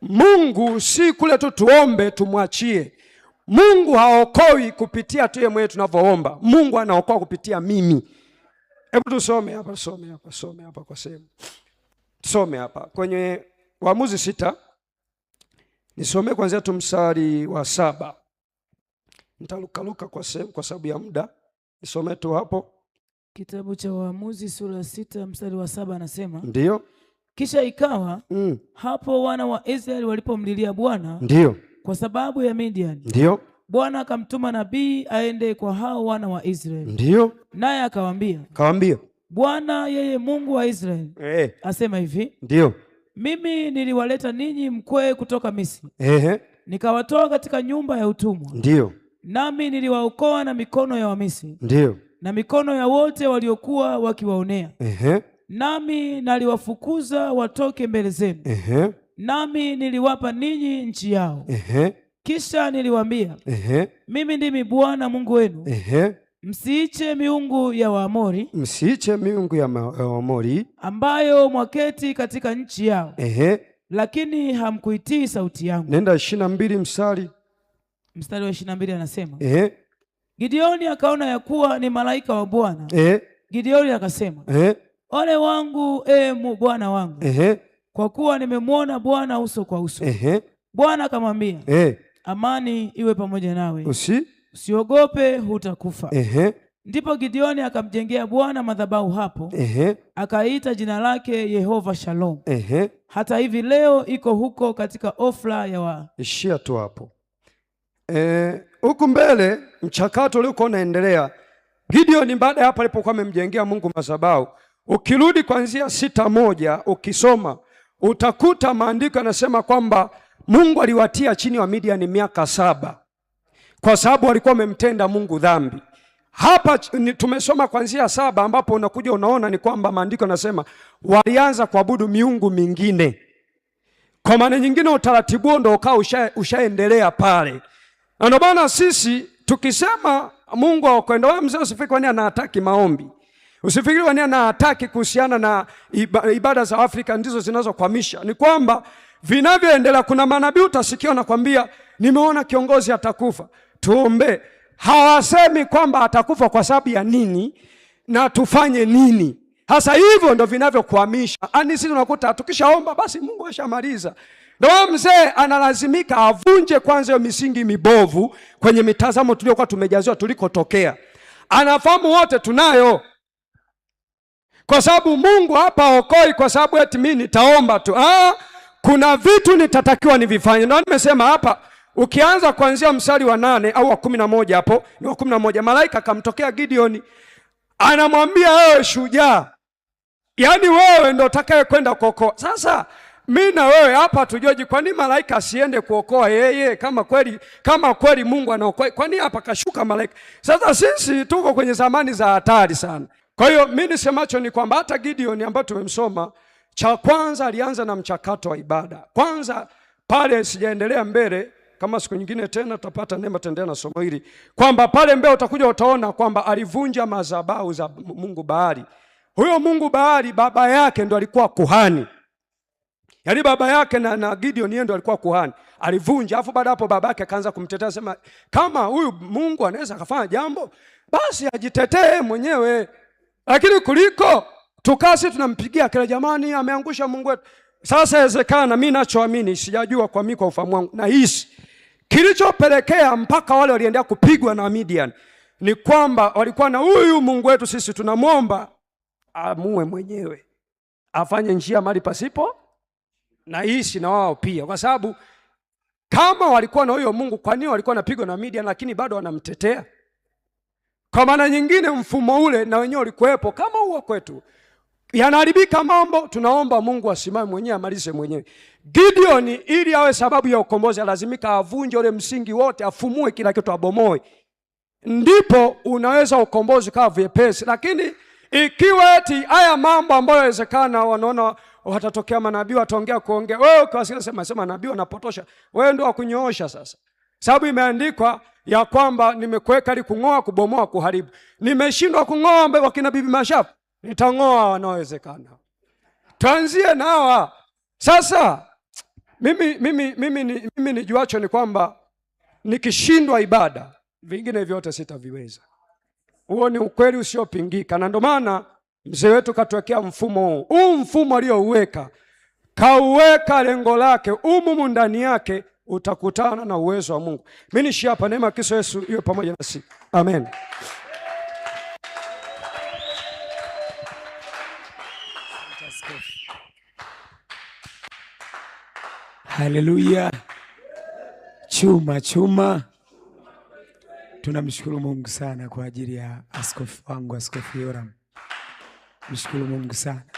Mungu si kule tu tuombe tumwachie. Mungu haokoi kupitia tuye mwenyewe tunavyoomba. Mungu anaokoa kupitia mimi. Hebu tusome hapa, some hapa, some hapa kwa sehemu. some hapa kwenye Waamuzi sita, nisome kuanzia tu mstari wa saba. Nitalukaluka kwa sehemu kwa sababu ya muda, nisome tu hapo. Kitabu cha Waamuzi sura sita mstari wa saba anasema, ndio kisha ikawa mm. hapo wana wa Israeli walipomlilia Bwana ndio kwa sababu ya Midian ndio Bwana akamtuma nabii aende kwa hao wana wa Israeli ndio, naye akawaambia kawaambia Bwana yeye Mungu wa Israeli hey. Eh. asema hivi ndio, mimi niliwaleta ninyi mkwee kutoka Misri hey. nikawatoa katika nyumba ya utumwa ndio, nami niliwaokoa na mikono ya Wamisri ndio, na mikono ya wote waliokuwa wakiwaonea ehe nami naliwafukuza watoke mbele zenu, nami niliwapa ninyi nchi yao. Kisha niliwaambia, mimi ndimi Bwana Mungu wenu, msiiche miungu ya Waamori, msiiche miungu ya Waamori ambayo mwaketi katika nchi yao. -huh. Lakini hamkuitii sauti yangu. Nenda ishirini na mbili mstari mstari wa ishirini na mbili anasema Ehe. Gideoni akaona ya kuwa ni malaika wa Bwana. Gideoni akasema Ehe. Ole wangu e mu bwana wangu Ehe. kwa kuwa nimemwona Bwana uso kwa uso Ehe. Bwana akamwambia e. amani iwe pamoja nawe Usi. usiogope hutakufa Ehe. Ndipo Gideoni akamjengea Bwana madhabahu hapo, akaita jina lake Yehova Shalom. Ehe. Hata hivi leo iko huko katika Ofla ya wa... ishia tu hapo e, huku e, mbele mchakato uliokuwa unaendelea Gideoni baada ya hapo alipokuwa amemjengea Mungu madhabahu Ukirudi kuanzia sita moja ukisoma utakuta maandiko yanasema kwamba Mungu aliwatia chini wa Midiani miaka saba kwa sababu walikuwa wamemtenda Mungu dhambi. Hapa tumesoma kuanzia saba ambapo unakuja unaona ni kwamba maandiko yanasema walianza kuabudu miungu mingine. Kwa maana nyingine, utaratibu huo ndio ukawa ushaendelea pale, na ndio maana sisi tukisema Mungu awakwenda wewe mzee usifike, kwani anataka maombi Usifikiri waniana hataki kuhusiana na ibada za Afrika ndizo zinazokwamisha. Ni kwamba vinavyoendelea, kuna manabii utasikia nakwambia, nimeona kiongozi atakufa, tuombe. Hawasemi kwamba atakufa kwa sababu ya nini na tufanye nini. Hasa hivyo ndo vinavyokwamisha. Ani sisi tunakuta tukishaomba basi Mungu ashamaliza. Ndio mzee analazimika avunje kwanza hiyo misingi mibovu kwenye mitazamo tuliyokuwa tumejaziwa tulikotokea. Anafahamu wote tunayo kwa sababu Mungu hapa okoi kwa sababu eti mimi nitaomba tu. Ah, kuna vitu nitatakiwa nivifanye. Na nimesema hapa ukianza kuanzia mstari wa nane au wa kumi na moja hapo ni wa kumi na moja malaika akamtokea Gideoni anamwambia wewe shujaa, yaani wewe ndio utakaye kwenda kuokoa. Sasa mi na wewe hapa tujoji, kwa nini malaika asiende kuokoa yeye kama kweli, kama kweli Mungu anaokoa? Kwa nini hapa kashuka malaika? Sasa sisi tuko kwenye zamani za hatari sana. Kwa hiyo mi nisemacho ni kwamba hata Gideon ambayo tumemsoma, cha kwanza alianza na mchakato wa ibada kwanza. Pale sijaendelea mbele, kama siku nyingine tena tutapata neema tendea na somo hili, kwamba pale mbele utakuja utaona kwamba alivunja madhabahu za Mungu Baali. Huyo Mungu Baali baba yake ndo alikuwa kuhani, yaani baba yake na, na Gideon yeye ndo alikuwa kuhani, alivunja. Alafu baada hapo baba yake akaanza kumtetea, sema kama huyu Mungu anaweza akafanya jambo, basi ajitetee mwenyewe. Lakini kuliko tukasi tunampigia kila jamani, ameangusha Mungu wetu. Sasa yawezekana, mimi nachoamini, sijajua kwa mimi, kwa ufahamu wangu nahisi kilichopelekea mpaka wale waliendea kupigwa na Midian ni kwamba walikuwa na huyu Mungu wetu sisi tunamwomba amue mwenyewe, afanye njia mali pasipo na hisi na wao pia, kwa sababu kama walikuwa na huyo Mungu, kwa nini walikuwa napigwa na Midian lakini bado wanamtetea? Kwa maana nyingine, mfumo ule na wenyewe ulikuwepo kama huo kwetu. Yanaharibika mambo, tunaomba Mungu asimame mwenyewe amalize mwenyewe. Gideoni ili awe sababu ya ukombozi, lazimika avunje ule msingi wote, afumue kila kitu, abomoe, ndipo unaweza ukombozi kawa vyepesi. Lakini ikiwa eti haya mambo ambayo yawezekana wanaona watatokea manabii wataongea kuongea, wewe ukiwasikiliza sema sema nabii wanapotosha, wewe ndio wakunyoosha sasa sababu imeandikwa ya kwamba nimekuweka ili kung'oa, kubomoa, kuharibu. Nimeshindwa kung'oa wakina bibi Mashafu, nitang'oa wanaowezekana. Tuanzie na hawa sasa. Mimi, mimi, mimi, mimi nijuacho ni kwamba nikishindwa ibada, vingine vyote sitaviweza. Huo ni ukweli usiopingika, na ndio maana mzee wetu katuwekea mfumo huu. Huu mfumo aliyouweka kauweka lengo lake umumu ndani yake utakutana na uwezo wa Mungu. Mimi ni hapa, neema ya Kristo Yesu iwe pamoja nasi, amen. Haleluya, chuma chuma. Tunamshukuru Mungu sana kwa ajili ya askofu wangu, Askofu Yoram. Mshukuru Mungu sana.